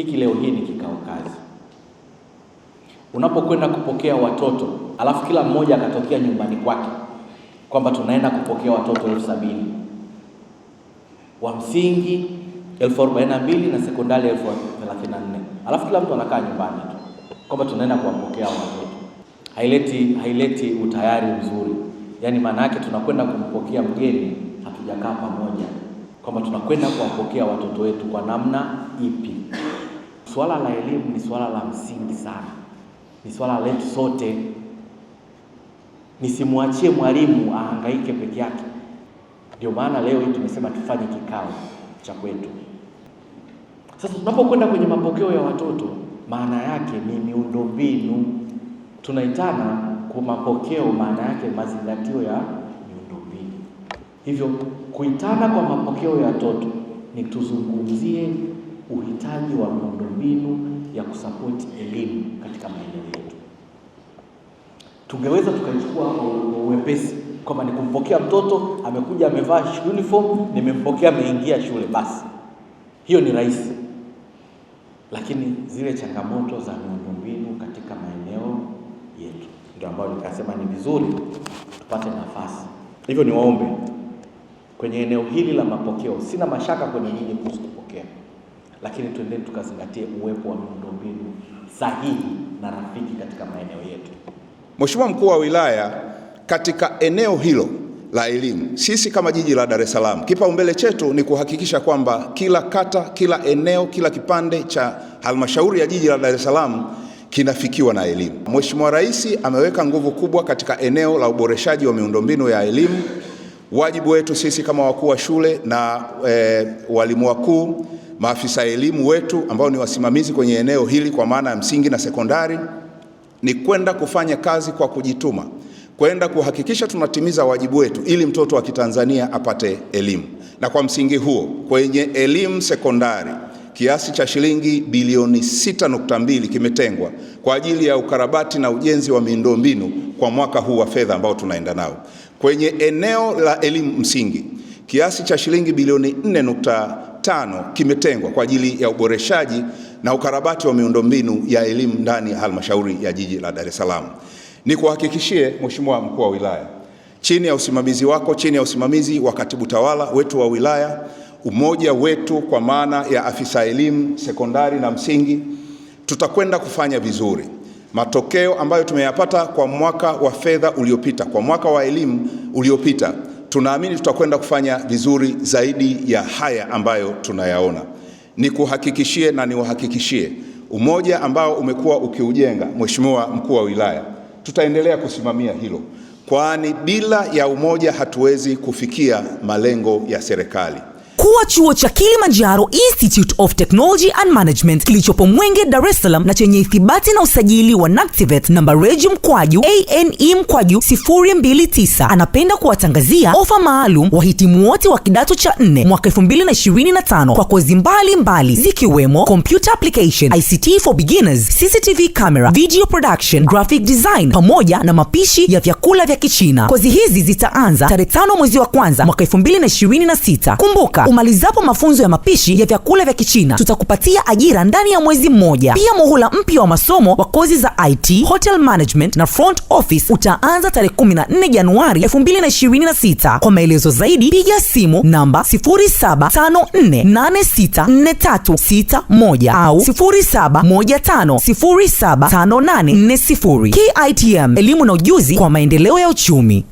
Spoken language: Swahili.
Hiki leo hii ni kikao kazi. Unapokwenda kupokea watoto alafu kila mmoja akatokea nyumbani kwake kwamba tunaenda kupokea watoto elfu sabini wa msingi elfu arobaini na mbili na sekondari elfu thelathini na nne alafu kila mtu anakaa nyumbani tu kwamba tunaenda kuwapokea watoto. Haileti, haileti utayari mzuri, yaani maana yake tunakwenda kumpokea mgeni, hatujakaa pamoja kwamba tunakwenda kuwapokea watoto wetu kwa namna ipi? Swala la elimu ni swala la msingi sana, ni swala letu sote. Nisimwachie mwalimu ahangaike peke yake. Ndio maana leo hii tumesema tufanye kikao cha kwetu. Sasa tunapokwenda kwenye mapokeo ya watoto, maana yake ni miundombinu. Tunaitana kwa mapokeo, maana yake mazingatio ya miundombinu. Hivyo kuitana kwa mapokeo ya watoto ni tuzungumzie uhitaji wa miundombinu ya kusapoti elimu katika maeneo yetu. Tungeweza tukaichukua uwepesi kwamba nikumpokea mtoto amekuja amevaa uniform, nimempokea ameingia shule, basi hiyo ni rahisi, lakini zile changamoto za miundombinu katika maeneo yetu ndio ambayo nikasema ni vizuri tupate nafasi. Hivyo niwaombe kwenye eneo hili la mapokeo, sina mashaka kwenye nyinyi lakini tuendeni tukazingatie uwepo wa miundombinu sahihi na rafiki katika maeneo yetu. Mheshimiwa Mkuu wa Wilaya, katika eneo hilo la elimu, sisi kama jiji la Dar es Salaam, kipaumbele chetu ni kuhakikisha kwamba kila kata, kila eneo, kila kipande cha halmashauri ya jiji la Dar es Salaam kinafikiwa na elimu. Mheshimiwa Rais ameweka nguvu kubwa katika eneo la uboreshaji wa miundombinu ya elimu. Wajibu wetu sisi kama wakuu wa shule na e, walimu wakuu, maafisa elimu wetu ambao ni wasimamizi kwenye eneo hili kwa maana ya msingi na sekondari, ni kwenda kufanya kazi kwa kujituma, kwenda kuhakikisha tunatimiza wajibu wetu ili mtoto wa Kitanzania apate elimu. Na kwa msingi huo, kwenye elimu sekondari kiasi cha shilingi bilioni 6.2 kimetengwa kwa ajili ya ukarabati na ujenzi wa miundombinu kwa mwaka huu wa fedha ambao tunaenda nao kwenye eneo la elimu msingi kiasi cha shilingi bilioni 4.5 kimetengwa kwa ajili ya uboreshaji na ukarabati wa miundombinu ya elimu ndani ya halmashauri ya jiji la Dar es Salaam. kuhakikishie Mheshimiwa mkuu wa wilaya, chini ya usimamizi wako, chini ya usimamizi wa katibu tawala wetu wa wilaya, umoja wetu kwa maana ya afisa elimu sekondari na msingi, tutakwenda kufanya vizuri matokeo ambayo tumeyapata kwa mwaka wa fedha uliopita, kwa mwaka wa elimu uliopita, tunaamini tutakwenda kufanya vizuri zaidi ya haya ambayo tunayaona. Nikuhakikishie na niwahakikishie umoja ambao umekuwa ukiujenga Mheshimiwa Mkuu wa Wilaya, tutaendelea kusimamia hilo, kwani bila ya umoja hatuwezi kufikia malengo ya serikali kuwa chuo cha Kilimanjaro Institute of Technology and Management kilichopo Mwenge, Dar es Salaam na chenye ithibati na usajili wa NACTIVET namba reji mkwaju ane mkwaju 029 anapenda kuwatangazia ofa maalum wahitimu wote wa kidato cha 4 mwaka 2025 kwa kozi mbalimbali zikiwemo computer application, ICT for beginners, CCTV camera, video production, graphic design pamoja na mapishi ya vyakula vya Kichina. Kozi hizi zitaanza tarehe 5 mwezi wa kwanza mwaka 2026. Kumbuka Umalizapo mafunzo ya mapishi ya vyakula vya Kichina, tutakupatia ajira ndani ya mwezi mmoja. Pia muhula mpya wa masomo wa kozi za IT, hotel management na front office utaanza tarehe 14 Januari 2026. Kwa maelezo zaidi piga simu namba 0754864361 au 0715075840. KITM, elimu na ujuzi kwa maendeleo ya uchumi.